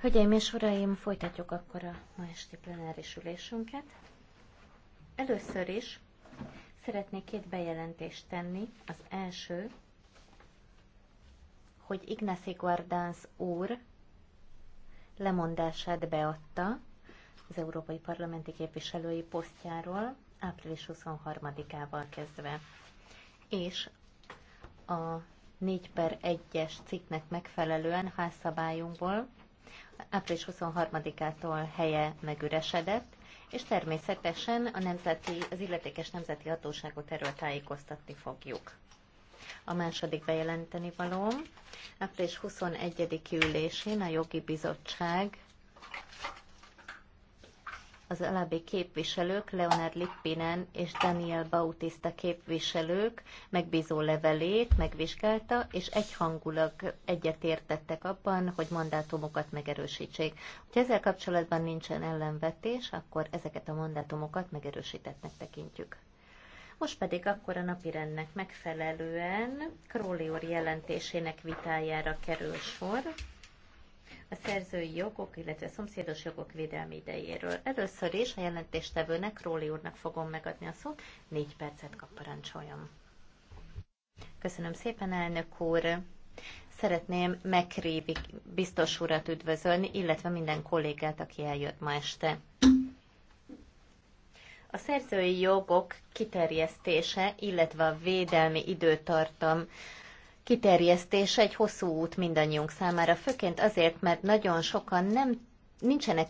Hölgyeim és uraim, folytatjuk akkor a ma esti plenáris ülésünket. Először is szeretnék két bejelentést tenni. Az első, hogy Ignacy Guardans úr lemondását beadta az Európai Parlamenti Képviselői posztjáról április 23-ával kezdve. És a 4 per 1-es cikknek megfelelően házszabályunkból április 23-ától helye megüresedett, és természetesen a nemzeti, az illetékes nemzeti hatóságot erről tájékoztatni fogjuk. A második bejelenteni valóm április 21. ülésén a jogi bizottság az alábbi képviselők, Leonard Lippinen és Daniel Bautista képviselők megbízó levelét megvizsgálta, és egyhangulag egyetértettek abban, hogy mandátumokat megerősítsék. Ha ezzel kapcsolatban nincsen ellenvetés, akkor ezeket a mandátumokat megerősítettnek tekintjük. Most pedig akkor a napirendnek megfelelően Królior jelentésének vitájára kerül sor a szerzői jogok, illetve a szomszédos jogok védelmi idejéről. Először is a jelentéstevőnek, Róli úrnak fogom megadni a szót, négy percet kap parancsoljon. Köszönöm szépen, elnök úr! Szeretném megkrévi biztos urat üdvözölni, illetve minden kollégát, aki eljött ma este. A szerzői jogok kiterjesztése, illetve a védelmi időtartam kiterjesztése egy hosszú út mindannyiunk számára, főként azért, mert nagyon sokan nem nincsenek